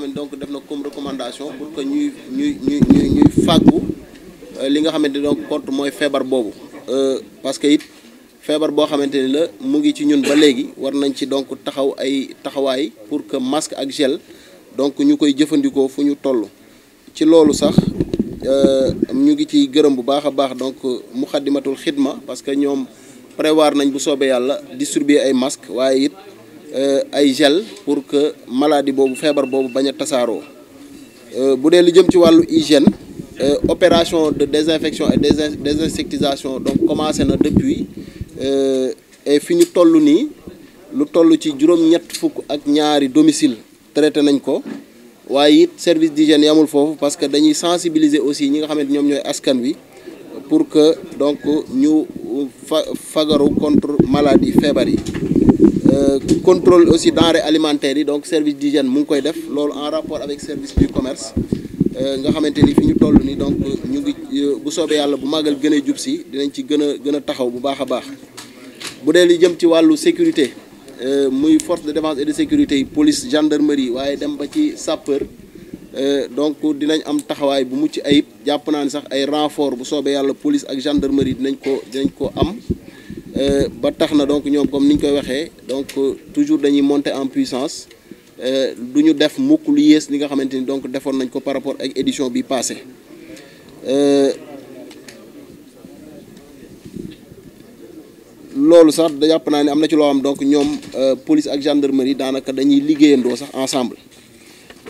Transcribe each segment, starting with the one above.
xam ne donc def na comme recommandation pour que ñuy ñuy ñuy ñuy ñuy euh, li nga xamante donc contre mooy feebar boobu euh, parce que it feebar boo xamante ni la mu ngi ci ñun ba léegi war nañ ci donc taxaw ay taxawaay pour que masque ak gel donc ñu koy jëfandikoo fu ñu toll ci loolu sax euh, ñu ngi ciy gërëm bu baax a baax donc mu muxaddimatul xidma parce que ñoom prévoir nañ bu soobee yàlla distribuer ay masques waaye it Euh, ay gel pour que maladie boobu feebar boobu bañ a tasaaroo euh, bu dee lu jëm ci wàllu hygiène euh, opération de désinfection et désinsectisation donc commencé na depuis et fi ñu toll nii lu toll ci juróom-ñett fukk ak ñaari domicile traité nañ ko waaye it service d'hygiène yamul foofu parce que dañuy sensibiliser aussi ñi nga xamante ñoom ñooy askan wi pour que donc ñu fa fagaru contre maladie feebar yi Euh, contrôle aussi denrées alimentaires yi donc service d'hygiène mu ngi koy def loolu en rapport avec service du commerce euh, nga xamante ni fi ñu toll nii donc ñu ngi euh, bu soobee yàlla bu màggal gën a jub si dinañ ci gën a gën a taxaw bu baax a baax bu dee li jëm ci wàllu sécurité muy force de défense et de sécurité yi police gendarmerie waaye dem ba ci sapeur donc dinañ am taxawaay bu mucc ay jàpp naa ni sax ay renfort bu soobee yàlla police ak gendarmerie dinañ ko dinañ ko am Euh, ba tax na donc ñoom comme ni ñu koy waxee donc euh, toujours dañuy monter en puissance euh, du ñu def mukk lu yées li nga xamante ni donc defoon nañ ko par rapport ak édition bi passé loolu sax da jàpp naa ne am na ci loo am donc ñoom police ak gendarmerie daanaka dañuy liggéeyandoo sax ensemble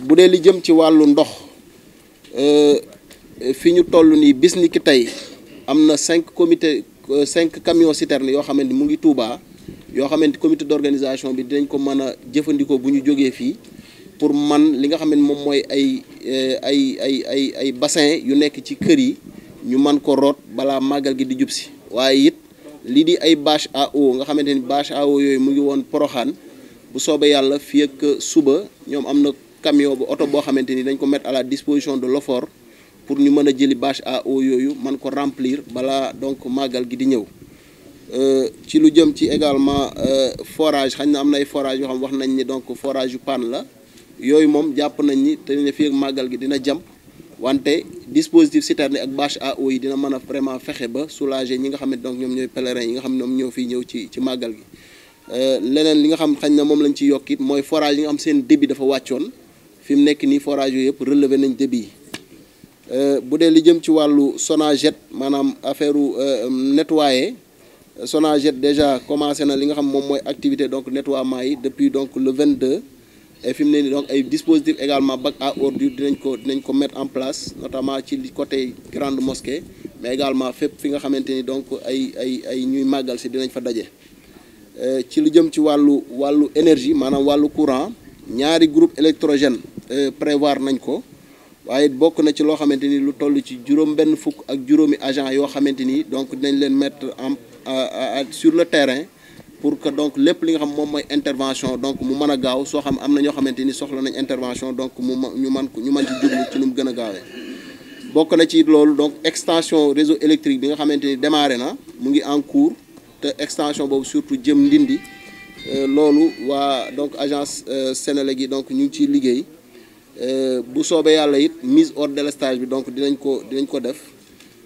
bu dee li jëm ci wàllu ndox fi ñu toll nii bis ni tey am na cinq comité Euh, cinq camions citernes yoo xamante ni mu ngi Touba yoo xamante comité d'organisation bi dinañ ko mën a jëfandikoo bu ñu jógee fii pour man li nga xam ne moom mooy ay euh, ay ay ay ay bassin yu nekk ci kër yi ñu man ko root balaa màggal gi di jub si waaye it lii di ay bâche à nga xamante ni bâche à yooyu mu ngi woon Poroxaan bu soobee yàlla fii ak suba ñoom am na camion bu oto boo xamante ni dañ ko met à la disposition de l'OFOR pour ñu mën a jëli bâche à eau yooyu man ko remplir balaa donc màggal gi di ñëw euh, ci lu jëm ci également euh, forage xañ na am na ay forage yoo xam wax nañ ni donc forage yu panne la yooyu moom jàpp nañ ni te ne fii ak màggal gi dina jàmp wante dispositif citerne ak bâche à eau yi dina mën a vraiment fexe ba soulager ñi nga xam ne donc ñoom ñooy pèlerins yi nga xam ne ñoom ñoo fiy ñëw ci ci màggal gi euh, leneen li nga xam xañ na moom lañ ci yokkit mooy forage yi nga xam seen débit dafa wàccoon fi mu nekk nii forage yooyu yëpp relevé nañ débit yi Euh, bu dee li jëm ci wàllu Sonaget maanaam affaire euh, euh, nettoyer Sonaget déjà commencé na li nga xam moom mooy activité donc nettoiement yi depuis donc le vingt et fi ne nii donc ay dispositifs également bac a ordures dinañ ko dinañ ko mettre en place notamment ci côté grande mosquée mais également fépp fi nga xamante ni donc ay ay ay ñuy màggal si dinañ fa daje. ci lu jëm ci wàllu wàllu énergie maanaam wàllu courant ñaari groupe électrogène prévoir nañ ko. waaye bokk na ci loo xamante ni lu toll ci juróom benn fukk ak juróomi agent yoo xamante ni donc dinañ leen mettre en sur le terrain pour que donc lépp li nga xam moom mooy intervention donc mu mën a gaaw soo xam am na ñoo xamante ni soxla nañ intervention donc mu ñu ñu mën ci jublu ci nu mu gën a gaawee bokk na ci loolu donc extension réseau électrique bi nga xamante ni démarré na mu ngi en cours te extension boobu surtout jëm ndindi euh, loolu waa donc agence euh, Senelec yi donc ñu ngi ciy liggéey Euh, bu soobee yàlla it mise hors délestage bi donc dinañ ko dinañ ko def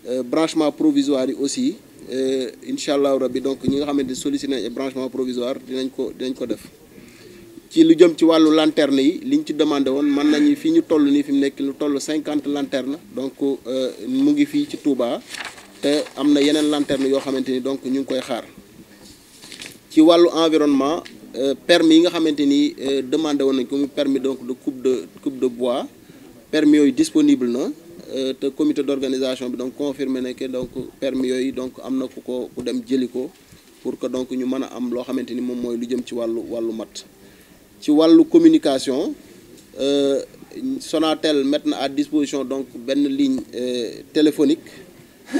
euh, branchement provisoire yi aussi euh, incha allahu rabbi donc ñi nga xamante ne sollicité nañ branchement provisoire dinañ ko dinañ ko def ci lu jëm ci wàllu lanterne yi liñ ci demandé woon mën nañu fi ñu toll nii fi mu nekk lu toll cinquante lanterne donc mu ngi fii ci Touba te am na yeneen lanterne yoo xamante ni donc ñu ngi koy xaar ci wàllu environnement Euh, permis yi nga xamante ni euh, demandé woon nañ ko mu permis donc de coupe de coupe de bois permi yooyu disponible na euh, te comité d'organisation bi donc confirmé na donc permi yooyu donc am na ku ko ku dem jëli ko pour que donc ñu mën a am loo xamante ni moom mooy lu jëm ci wàllu wàllu mat ci wàllu communication Sonatel mettre na à disposition donc benn ligne téléphonique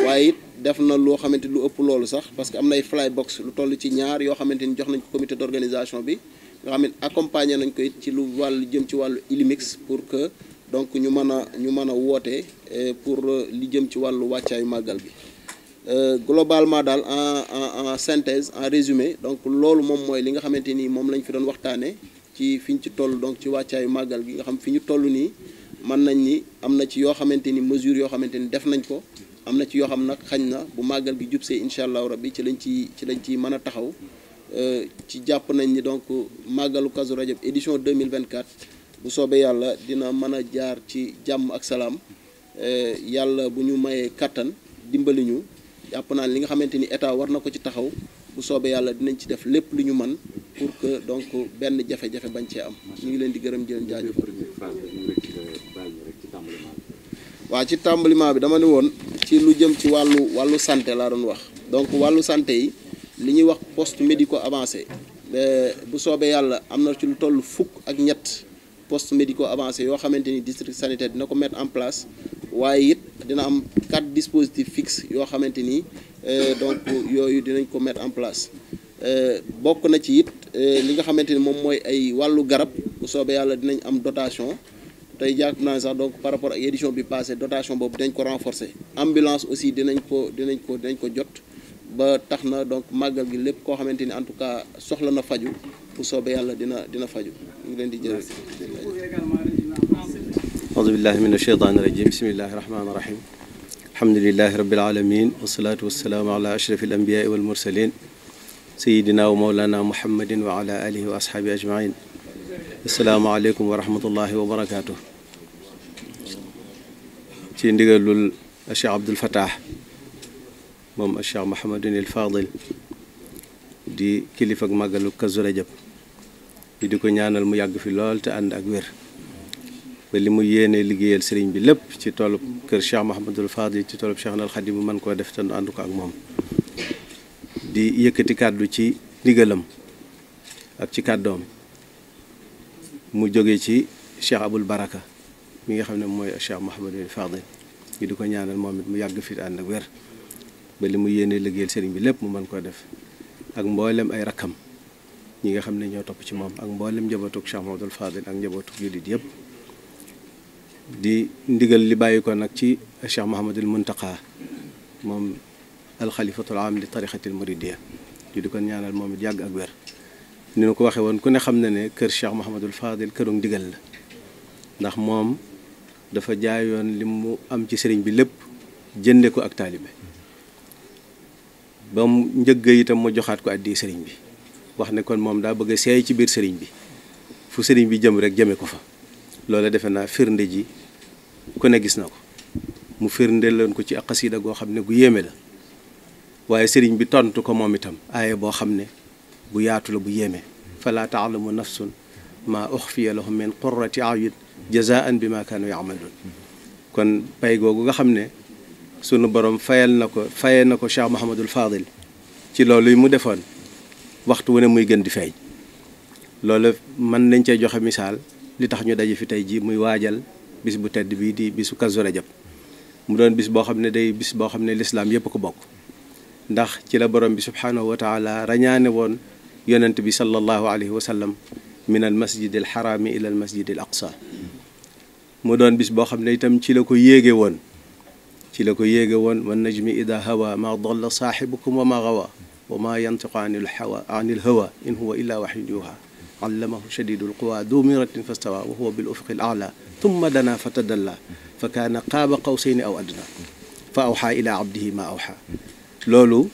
waaye it def na loo xamante lu ëpp loolu sax parce que am nay ay fly box lu toll ci ñaar yoo xamante ni jox nañ ko comité d'organisation bi nga xam ne accompagner nañ ko it ci lu wàllu jëm ci wàllu Ilimix pour que donc ñu mën a ñu mën a woote eh, pour euh, li jëm ci wàllu wàccaayu màggal bi euh, globalement daal en en en synthèse en résumé donc loolu moom mooy li nga xamante ni moom lañ fi doon waxtaanee ci fi ñu ci toll donc ci wàccaayu màggal gi nga xam fi ñu toll nii mën nañ ni am na ci yoo xamante ni mesure yoo xamante ni def nañ ko. am na ci yoo xam nag xañ na bu màggal gi jubsee incha allahu bi ci lañ ci ci lañ ciy mën a taxaw euh, ci jàpp nañ ni donc màggalu Kazu Rajab édition 2024 bu soobee yàlla dina mën a jaar ci jàmm ak salaam euh, yàlla bu ñu mayee kàttan dimbali ñu jàpp naa li nga xamante ni état war na ko ci taxaw bu soobee yàlla dinañ ci def lépp lu ñu man pour que donc benn jafe-jafe bañ cee am ñu ngi leen di gërëm jël jaajëf waaw ci euh, tàmbaliment bi dama ne woon ci lu jëm ci wàllu wàllu santé laa doon wax donc wàllu santé yi li ñuy wax post médico avancé bu soobee yàlla am na ci lu toll fukk ak ñett post médico avancé yoo xamante ni district sanitaire dina ko mettre en place waaye it dina am quatre dispositif fixes yoo xamante ni euh, donc yooyu dinañ ko mettre en place euh, bokk na ci it euh, li nga xamante ni moom mooy ay wàllu garab bu soobee yàlla dinañ am dotation tey jàpp naa sax donc par rapport ak édition bi passé dotation boobu dinañ ko renforcer ambulance aussi dinañ ko dinañ ko dinañ ko jot ba tax na donc màggal gi lépp koo xamante ni en tout cas soxla na faju bu soobee yàlla dina dina faju ñu ngi leen di jël aouzu billahi min asheytaani rajim bismillahi rahmaani rahim alhamdulilahi rabbil alamin wasalaatu wasalaamu ala ashrafi al anbiyaai wal mursalin sayidina wa maulana muhammadin wa ala alihi a ashaabi ajmain asalaamaaleykum wa rahmatullahi wa barakaatu ci ndigalul Cheikh Abdul Fattah moom Cheikh Mahamadunil Fadil di kilifa ak màggalu Kazu Rajab ñu di ko ñaanal mu yàgg fi lool te ànd ak wér ba li mu yéene liggéeyal sëriñ bi lépp ci toolub kër Cheikh Mahamadul Fadil ci toolub Cheikh Nal mu man koo def te nu ànd ko ak moom di yëkkati kàddu ci ndigalam ak ci kàddoom mu jóge ci cheikh abul baraka mi nga xam ne mooy cheikh mahamadul fadil ñu di ko ñaanal moom it mu yàgg fit ànd ak wér ba li mu yéene liggéeyal sëriñ bi lépp mu mën koo def ak mboolem ay rakkam ñi nga xam ne ñoo topp ci moom ak mboolem njabootug cheikh mahamadul fadil ak njabootug jullit yëpp di ndigal li bàyyi ko nag ci cheikh mahamadul muntaqa moom alxalifatul am li tarixatil muridiya ñu di ko ñaanal moom it yàgg ak wér ni nu ko waxee woon ku ne xam na ne kër Cheikh Mouhamadul Fadil këru ndigal la ndax moom dafa jaayoon li mu am ci sëriñ bi lépp jënde ko ak taalibe ba njëgg itam mu joxaat ko addi sëriñ bi wax ne kon moom daa bëgg a seey ci biir sëriñ bi fu sëriñ bi jëm rek jëme ko fa loola defe naa firnde ji ku ne gis na ko mu firnde leen ko ci ak xasida goo xam ne gu yéeme la waaye sëriñ bi tontu ko moom itam aaye boo xam ne bu yaatu la bu yéeme falaa taalamu nafsun maa uxfiya lahum min qurrati ayun jazaan bi ma kaanu kon pay googu nga xam ne sunu borom fayal na ko fayee na ko Cheikh Mouhamadul Fadil ci loolu yi mu defoon waxtu wu ne muy gën di feeñ loolu mën nañ cee joxe misaal li tax ñu daje fi tey jii muy waajal bis bu tedd bii di bisu Kazu Rajab mu doon bis boo xam ne day bis boo xam ne lislaam yépp ko bokk ndax ci la borom bi subhaanahu wa taala rañaane woon yonent bi sallallahu alayhi wa sallam min al masjid al xaraami ila al masjid al aqsa mu doon bis boo xam ne itam ci la ko yéege woon ci la ko yéege woon wa najmi ida hawa ma dalla saaxibukum wa ma gawa wa ma yantiqu an il hawa an il hawa in huwa illa waxyun yuha allamahu shadidu lquwa du miratin fastawa wa huwa bil ufuqi al ala thumma dana fa tadalla fa kaana qaaba qawsayni aw adna fa awxa ila abdihi ma awxa loolu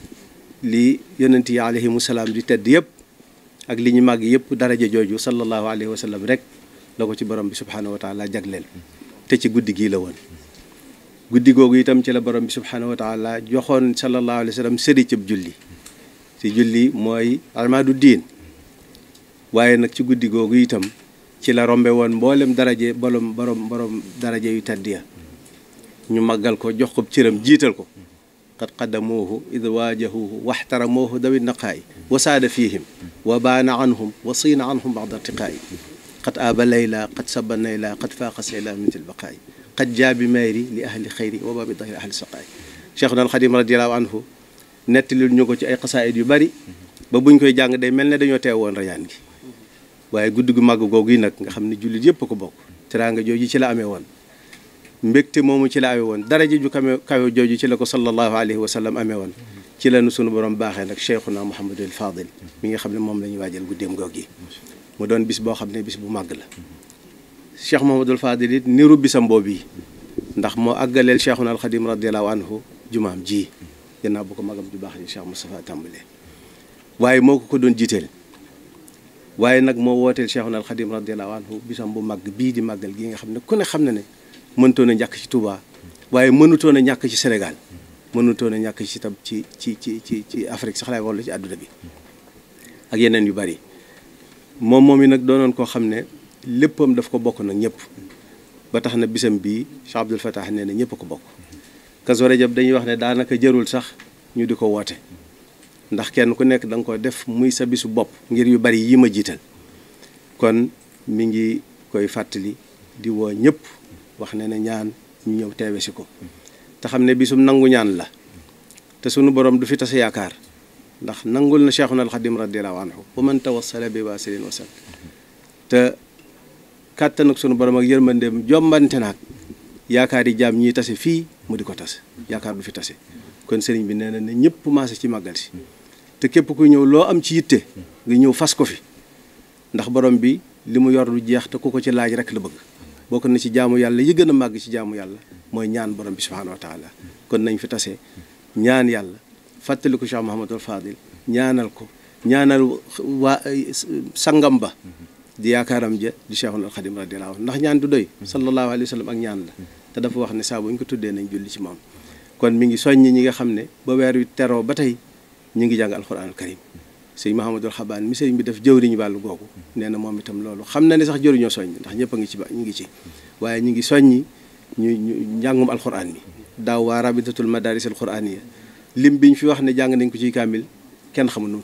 li yonent yi alayhimu salaam di tedd yëpp ak li ñu màgg yëpp daraja jooju sallallahu alayhi wa sallam rek la ko ci borom bi subhanahu wa taala jagleel te ci guddi gii la woon guddi googu itam ci la borom bi subhanahu wa taala joxoon sallallahu alayhi wa sallam sëri cëb julli ci julli mooy armaadu diin waaye nag ci guddi googu itam ci la rombe woon mboolem daraje borom borom borom daraje yu tedd ya ñu màggal ko jox ko cëram jiital ko qad qadamuuhu id waajahuuhu waxtaramuuhu dawi naqaayi wa saada fihim wa baana anhum wa siina anhum bada tiqaayi qad aaba layla qad saba nayla qad faaqa sayla min tilbaqaayi qad jaabi mayri li ahli xayri wa baabi dahri ahli saqaayi cheikhuna alxadim radiallahu anhu nettali ñu ko ci ay xasaayid yu bari ba buñ koy jàng day mel ne dañoo teewoon rayaan gi waaye guddi gu màgg googu yi nag nga xam ne jullit yëpp ko bokk teraanga jooju ci la woon mbégte moomu ci la amee woon daraja ju kame kawe jooju ci la ko sallallahu alayhi wa sallam amee woon ci la sunu borom baaxee nag cheikhuna Mouhamadul Fadil mi nga xam ne moom la ñuy waajal guddeem goog yi mu doon bis boo xam ne bis bu màgg la cheikh Mouhamadul Fadil it niru bisam boobu yi ndax moo àggaleel cheikhuna alxadim radiallahu anhu jumaam ji gannaaw bu ko magam ju baax ji cheikh Moustapha tàmbalee waaye moo ko ko doon jiiteel waaye nag moo wooteel cheikhuna alxadim radiallahu anhu bisam bu màgg bii di màggal gii nga xam ne ku xam na ne mënutoon a ñàkk ci Touba waaye mënutoon a ñàkk ci Sénégal mënutoon a ñàkk ci tam ci ci ci ci ci Afrique sax laay wala ci àdduna bi ak yeneen yu bari moom moom yi nag doonoon koo xam ne léppam daf ko bokk nag ñëpp ba tax na bisam bii Cheikh Abdoul Fattah nee na ñëpp a ko bokk Kazu Rajab dañuy wax ne daanaka jërul sax ñu di ko woote ndax kenn ku nekk danga ko def muy sa bisu bopp ngir yu bari yi ma jiital kon mi ngi koy fàttali di woo ñëpp wax nee na ñaan ñu ñëw teewe si ko te xam ne bisum nangu ñaan la te sunu borom du fi tasa yaakaar ndax nangul na Cheikhuna Alxadim radiallahu anhu wa man tawassala bi waasilin wasal te kàttan ak sunu borom ak yërmandeem jombante naag yaakaar yi jaam ñiy tase fii mu di ko tas yaakaar du fi tase kon sëriñ bi nee na ne ñëpp maase ci màggal si te képp kuy ñëw loo am ci yitte ngi ñëw fas ko fi ndax borom bi li mu yor lu jeex te ku ko ci laaj rek la bëgg bokk na ci jaamu yàlla yi gën màgg ci jaamu yàlla mooy ñaan borom bi subhaanahu wa taala kon nañ fi tase ñaan yàlla fàttali ko Cheikh Mahamadul Fadil ñaanal ko ñaanal waa sangam ba di yaakaaram ja di Cheikhul Xadim radiyallahu anhu ndax ñaan du doy sallallahu alayhi wa sallam ak ñaan la te dafa wax ne saa bu ñu ko tuddee nañ julli ci moom kon mi ngi soññ ñi nga xam ne ba weer wi teroo ba tey ñu ngi jàng alxuraanul karim sëñ Mahamadul Xabaan mi sëñ bi def jëwriñ wàllu googu nee na moom itam loolu xam na ne sax jëriñoo soññ ndax ñëpp a ngi ci ñu ngi ci waaye ñu ngi soññi ñu ñu njàngum alxuraan mi daaw waa rabitatul madaris alxuraaniya lim biñ fi wax ne jàng nañ ko ciy kaamil kenn xamul nu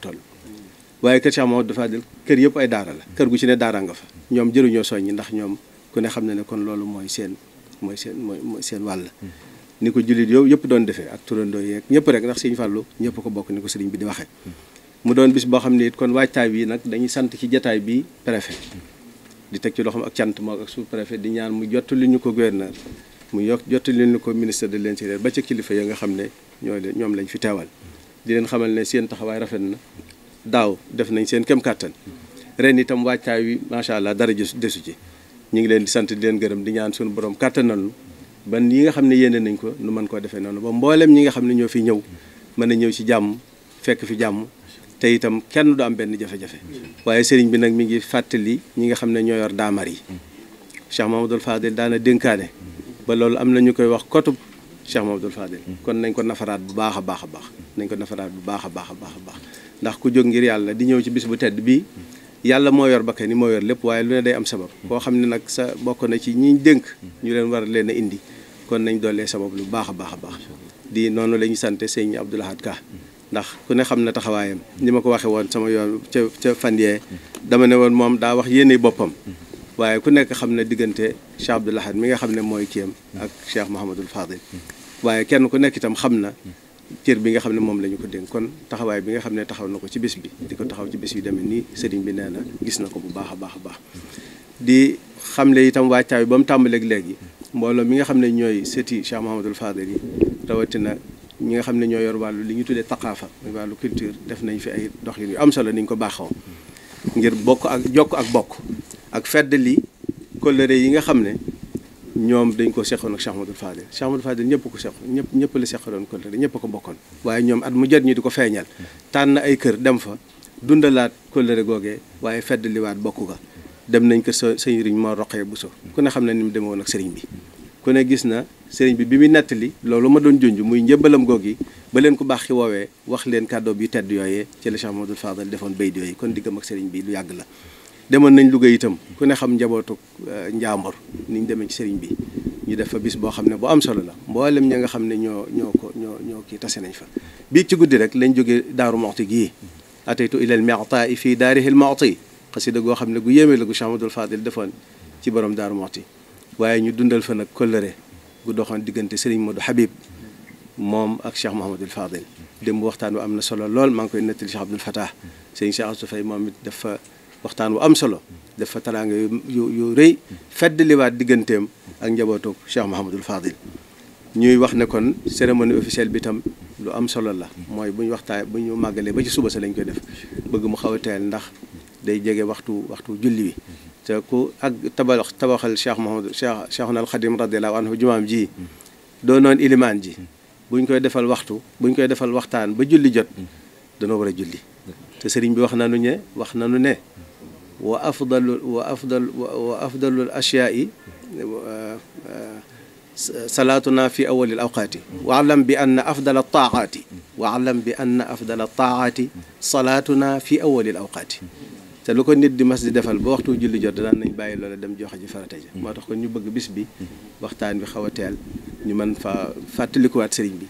waaye kër Cheikh Mahamadou dafa kër yëpp ay daara la kër gu ci ne daara nga fa ñoom jëriñoo soññi ndax ñoom ku ne xam na ne kon loolu mooy seen mooy seen mooy seen wàll ni ko jullit yow yëpp doon defee ak turandoo yeeg ñëpp rek ndax sëñ Fàllu ñëpp ko bokk ni ko sëriñ bi di waxee mu doon bis boo xam ne it kon waajtaay bi nag dañuy sant ci jataay bi préfet di teg ci loo xam ak cant moom ak sous préfet di ñaan mu jottali ñu ko gouverneur mu yokk jottali ñu ko ministre de leen l'intérieur ba ca kilifa ya nga xam ne ñoo leen ñoom lañ fi teewal di leen xamal ne seen taxawaay rafet na daaw def nañ seen kem kàttan ren itam waajtaay wi macha allah dara desu ci ñu ngi leen di sant di leen gërëm di ñaan suñu borom kàttanal ban yi nga xam ne yéene nañ ko nu mën koo defee noonu ba mboolem ñi nga xam ne ñoo fi ñëw mën a ñëw ci jàmm fekk fi jàmm te itam kenn du am benn jafe-jafe waaye sëriñ bi nag mi ngi fàttali ñi nga xam ne ñoo yor daamar yi Cheikh Mamadou Fadil daana dénkaane ba loolu am na ñu koy wax kotub Cheikh Mamadou Fadil kon nañ ko nafaraat bu baax a baax a baax nañ ko nafaraat bu baax a baax a baax a baax ndax ku jóg ngir yàlla di ñëw ci bis bu tedd bii yàlla moo yor bakkan ni moo yor lépp waaye lu ne day am sabab koo xam ne nag sa bokk na ci ñi dénk ñu leen war leen a indi kon nañ doolee sabab lu baax a baax a baax di noonu la sant sëñ Abdoul Ahad Ka ndax ku ne xam na taxawaayam ni ma ko waxee woon sama yoon ca ca fan yee dama ne woon moom daa wax yéene boppam waaye ku nekk xam ne diggante Cheikh Abdoul Ahad mi nga xam ne mooy kiyam ak Cheikh Mouhamadul Fadil waaye kenn ku nekk itam xam na cër bi nga ne moom la ñu ko dénk kon taxawaay bi nga xam ne taxaw na ko ci bis bi di ko taxaw ci bis yu demee nii sëriñ bi nee na gis na ko bu baax a baax a baax di xam xamle itam wàccaay ba mu tàmbaleeg léegi mbooloo mi nga xam ne ñooy sëti Cheikh Mouhamadul Fadil yi rawatina ñi nga xam ne ñoo yor wàllu li ñu tuddee taqaafa wàllu culture def nañ fi ay doxalin yu am solo ni ñu ko baaxaw ngir bokk ak jokk ak bokk ak fedd li kóllëre yi nga xam ne ñoom dañ ko seqoon ak Cheikh Amadou Fadel Cheikh Amadou Fadel ñëpp ko seq ñëpp ñëpp li seqaloon kóllëre ñëpp ko bokkoon waaye ñoom at mu jot ñu di ko feeñal tànn ay kër dem fa dundalaat kóllëre googee waaye fedd liwaat bokk ga dem nañ ko sa sëriñ Mor Roqee Bousso ku ne xam ne ni mu demewoon ak sëriñ bi ku ne gis na sëriñ bi bi muy nettali loolu ma doon junj muy njëmbalam goog yi ba leen ku baax ci woowee wax leen kàddoo bi tedd yooyee ci la Cheikh Mamadou defoon bay yooyu kon diggam ak sëriñ bi lu yàgg la demoon nañ Louga itam ku ne xam njabootu euh, njaambor ni ñu demee ci sëriñ bi ñu def fa bis boo xam ne bu am solo la mboolem ña nga xam ne ñoo ñoo ko ñoo ñoo kii tase nañ fa bii ci guddi rek lañ jóge daaru moxti gii ataytu ilal mexta i fii daarihil moxti xasida goo xam ne gu yéeme la gu Cheikh Mamadou defoon ci borom daaru moxti waaye ñu dundal fa nag kóllëre gu doxoon diggante Serigne Modou Habib moom ak Cheikh Mouhamadul Fadil démb waxtaan wu am na solo lool maa ngi koy nettali Cheikh Abdoul Fatah Serigne Cheikh Astou Faye moom it dafa waxtaan wu am solo dafa taraanga yu yu rëy feddliwaat digganteem ak njabootu Cheikh Mouhamadul Fadil ñuy wax ne kon cérémonie officielle bi tam lu am solo la mooy bu ñu waxtaan bu ñu màggalee ba ci suba sa lañ koy def bëgg mu xaw a teel ndax day jege waxtu waxtu julli wi te ku ak tabax tabaxal cheikh mahamad cheikh cheikhuna al xadim radiallahu anhu jumaam ji doo noon ilimaan ji buñ koy defal waxtu buñ koy defal waxtaan ba julli jot danoo war a julli te sëriñ bi wax nanu ne wax nanu ne wa afdalu wa afdal wa afdalul ashyaa'i salaatuna fi awalil awqaati wa alam bi anna afdala taaxaati wa alam bi anna afdala taaxaati salaatuna fi awalil awqaati te lu ko nit di mas di defal ba waxtu julli jot daan nañ bàyyi loola dem joxe ji farata ja moo tax kon ñu bëgg bis bi waxtaan bi xaw a teel ñu mën fa fàttalikuwaat sëriñ bi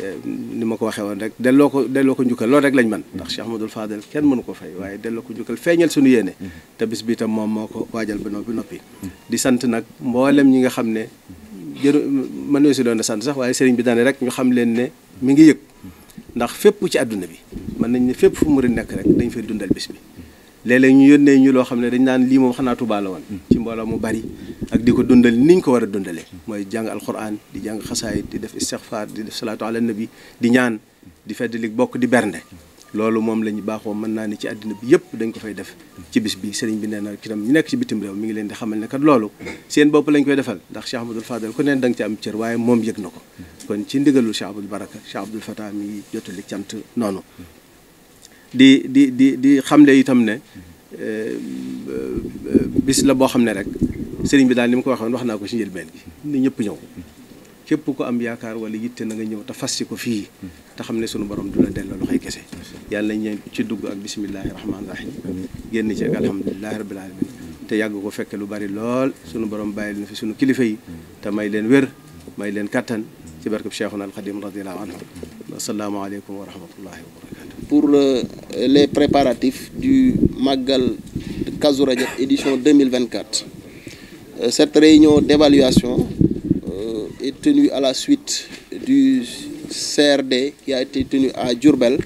eh, ni ma ko waxee woon rek delloo ko delloo ko njukkal loolu rek lañ man ndax Cheikh Ahmadoul Fadel kenn mënu ko fay waaye delloo ko njukkal feeñal sunu yéene te bis bi tam moom moo ko waajal ba noppi noppi di sant nag mboolem ñi nga xam ne jëru mën na si doon sant sax waaye sëriñ bi daanee rek ñu xam leen ne mi ngi yëg ndax fépp ci àdduna bi mën nañ ne fépp fu mu nekk rek dañ fay dundal bis léeg ñu yónnee ñu loo xam ne dañ naan lii moom xanaa Tuubaa la woon mm. ci mbooloo mu bari ak di ko dundal niñ ko war a dundalee mooy jàng alxuraan di jàng xasaayit di def istixfaar di def salaatu ala nabi di ñaan di fedd feddalik bokk di bernde loolu moom la baaxoo mën naa ne ci àddina bi yëpp dañ ko fay def ci bis bi sëriñ bi nee na kitam ñu nekk ci bitim réew mi ngi leen di xamal ne kat loolu seen bopp lañ koy defal ndax Cheikh Abdoul Fadal ku neen da nga am cër waaye moom yëg ko kon ci ndigalul Cheikh Abdoul Baraka Cheikh Abdoul Fata mi jottali cant noonu di di di di xamle itam ne eh, eh, bis la boo xam ne rek sëriñ bi daal ni mu ko waxoon wax naa ko ci njëlbeen gi ni ñëpp ñëw képp ku am yaakaar wala yitte na nga ñëw te fas si ko fii te xam ne sunu borom du la delloo loxoy kese yàlla nañ ci dugg ak bisimillahi rahmaani rahim génn ci ak alhamdulilahi rabbil alamin te yàgg ko fekke lu bari lool sunu borom bàyyi leen fi sunu kilifa yi te may leen wér may leen kàttan ci barkeb Cheikhuna al Xadim radiyallahu pour le, les préparatifs du Magal Kazu Rajab édition 2024. Euh, cette réunion d'évaluation euh, est tenue à la suite du CRD qui a été tenu à Djurbel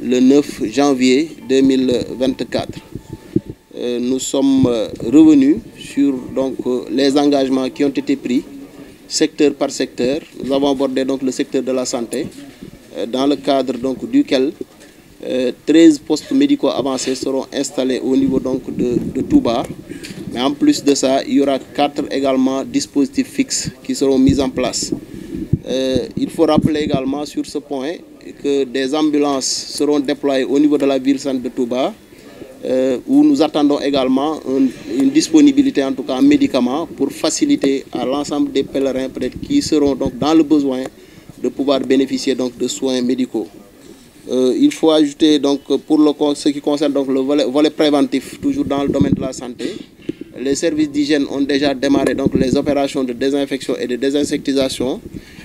le 9 janvier 2024. Euh, nous sommes revenus sur donc, les engagements qui ont été par secteur. Nous avons abordé le secteur de la santé Euh, treize postes médicaux avancés seront installés au niveau donc de, de Touba. en plus de ça, il y aura quatre également dispositifs fixes qui seront mis en place. Euh, il faut rappeler également sur ce point que des ambulances seront déployées au niveau de la ville centre de Touba, euh, où nous attendons également une, disponibilité, en tout cas en médicaments, pour faciliter à l'ensemble des pèlerins qui seront donc dans le besoin de pouvoir bénéficier donc de soins médicaux. Euh, il faut ajouter donc pour le, ce qui concerne donc le volet, volet, toujours dans le domaine de la santé. Les services d'hygiène ont déjà démarré les opérations de désinfection et de désinsectisation.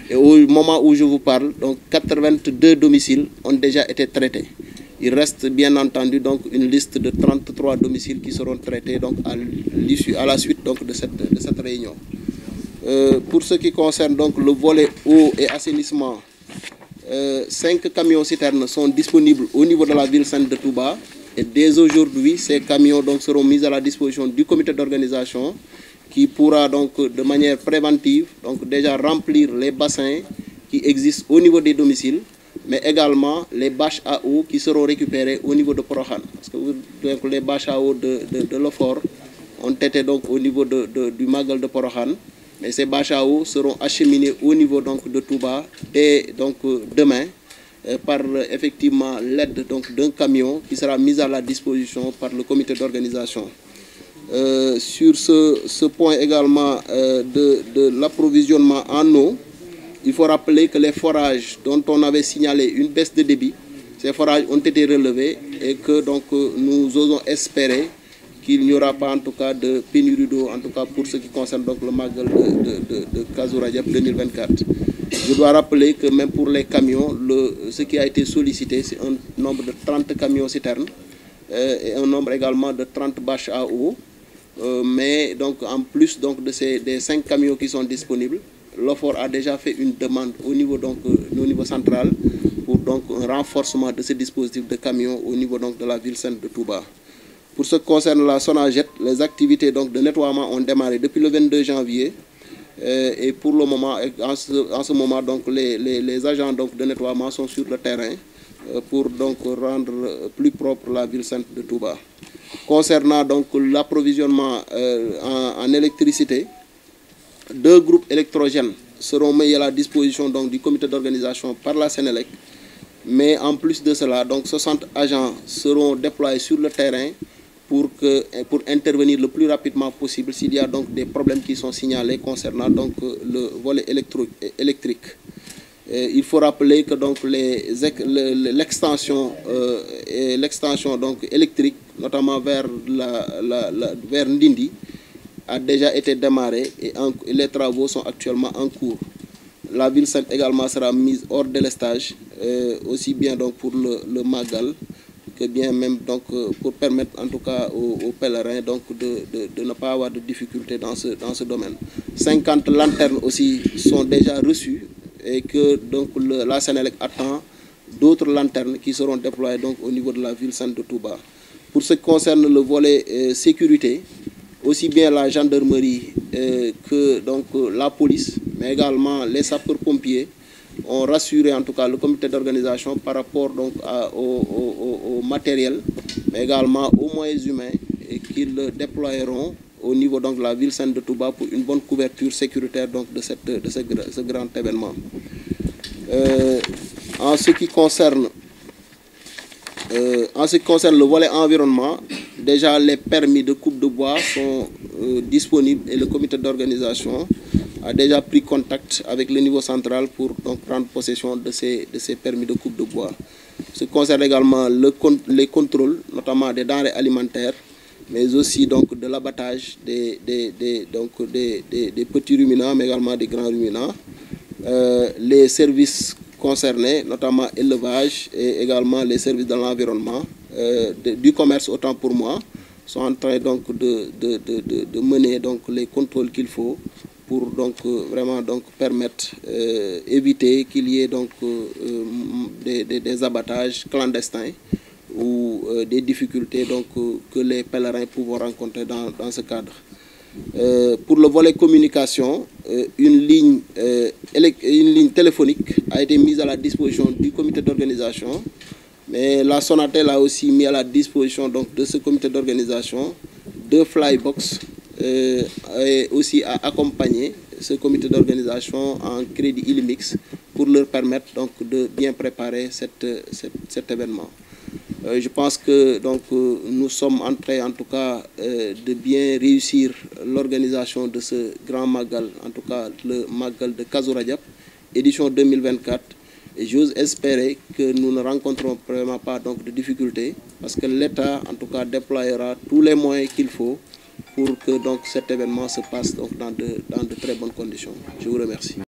Et moment où je vous parle, donc 82 domiciles ont déjà été traités. Il reste bien entendu donc une liste de 33 domiciles qui seront traités donc à, à la suite donc de euh, pour ce donc le volet eau et euh, cinq camions citernes sont disponibles au niveau de la ville sainte de Touba. Et dès aujourd'hui, ces camions donc, seront mis à la disposition du comité d'organisation qui pourra donc de manière préventive donc, déjà remplir les bassins qui existent au niveau des domiciles, mais également les bâches à eau qui seront récupérées au niveau de Porohan. Parce que donc, les bâches à eau de, de, de l'Ofor donc au niveau de, de, du Magal de Porohan. Mais ces bachaos seront acheminés au niveau donc, de Touba dès donc, euh, demain euh, par euh, effectivement l'aide d'un camion qui sera mis à la disposition par le comité d'organisation. Euh, sur ce, point également euh, de, de l'approvisionnement en eau, il faut rappeler que les forages dont on avait signalé une baisse de débit, ces forages ont été relevés et que donc nous osons espérer qu'il n'y aura pas en tout cas de pénurie d'eau, en tout cas pour ce qui concerne le Magal de, de, de, Je dois rappeler que même pour les camions, le, ce qui a été sollicité, c'est un nombre de 30 camions citernes euh, et un nombre également de 30 bâches à eau. Euh, mais donc en plus donc, de ces des cinq camions qui sont disponibles, l'OFOR a déjà fait une demande au niveau, donc, euh, au central pour donc, un renforcement de ce dispositif de camions au niveau donc, de la ville sainte de Touba. Pour ce qui concerne la Sonaget, les activités donc, de nettoiement ont démarré depuis le 22 janvier. Euh, et pour le moment, en ce, en moment, donc, les, les, les, agents donc, de nettoiement sont sur le terrain euh, pour donc, rendre euh, plus propre la ville sainte de Touba. Concernant donc l'approvisionnement euh, en, en, électricité, deux groupes électrogènes seront mis à la disposition donc, du comité d'organisation par la Sénélec. Mais en plus de cela, donc 60 agents seront déployés sur le terrain pour, que, pour intervenir le plus rapidement possible s'il y a donc des problèmes qui sont signalés concernant donc euh, le volet électro électrique. Euh, il faut rappeler que donc l'extension euh, l'extension donc électrique, notamment vers la, la, la, vers Ndindi, a déjà été démarrée et, en, et les travaux sont actuellement en cours. La ville également sera mise hors délestage, euh, aussi bien pour le, le Magal que bien même donc euh, pour permettre en tout cas aux, aux pèlerins donc de, de, de, ne pas avoir de difficultés dans ce, domaine. lanternes aussi sont déjà reçues et que donc le, la Sénélec attend d'autres lanternes qui seront déployées donc au niveau de la ville sainte de Touba. Pour ce qui concerne le volet euh, sécurité, aussi bien la gendarmerie euh, que donc la police, mais également les sapeurs-pompiers ont rassuré en tout cas le comité d'organisation par rapport donc à, au, au, au, matériel, mais également aux moyens humains et qu'ils déployeront au niveau donc, de la ville sainte de Touba pour une bonne couverture sécuritaire donc, de, cette, de ce, de grand événement. Euh, en ce qui concerne euh, en le volet environnement, déjà les permis de coupe de bois sont euh, disponibles et le comité d'organisation a déjà pris contact avec le niveau central pour donc prendre possession de ces, de permis de coupe de bois. Ce qui concerne également le, les contrôles, notamment des denrées alimentaires, mais aussi donc de l'abattage des, des, des, donc des, des, petits ruminants, mais également des grands ruminants. Euh, les services concernés, notamment élevage et également les services de l'environnement, euh, du commerce autant pour moi, sont en train donc de, de, de, de mener donc les contrôles qu'il faut pour donc euh, vraiment donc permettre euh, éviter qu'il y ait donc euh, mm, des, des, des, abattages clandestins ou euh, des difficultés donc que les pèlerins pourront rencontrer dans, dans ce cadre. pour le volet communication, une ligne, une ligne téléphonique a été mise à la disposition du comité d'organisation, mais la Sonatel a aussi mis à la disposition donc, de ce comité d'organisation deux flybox Euh, et aussi à accompagner ce comité d'organisation en crédit Illimix pour leur permettre donc de bien préparer cette, cette, cet événement. Euh, je pense que donc, euh, nous sommes en train en tout cas euh, de bien réussir l'organisation de ce grand Magal, en tout cas le Magal de Kazuradiap, édition 2024. Et j'ose espérer que nous ne rencontrons vraiment pas donc, de difficultés parce que l'État en tout cas déploiera tous les moyens qu'il faut pour que donc cet événement se passe donc dans de, très bonnes conditions. Je vous remercie.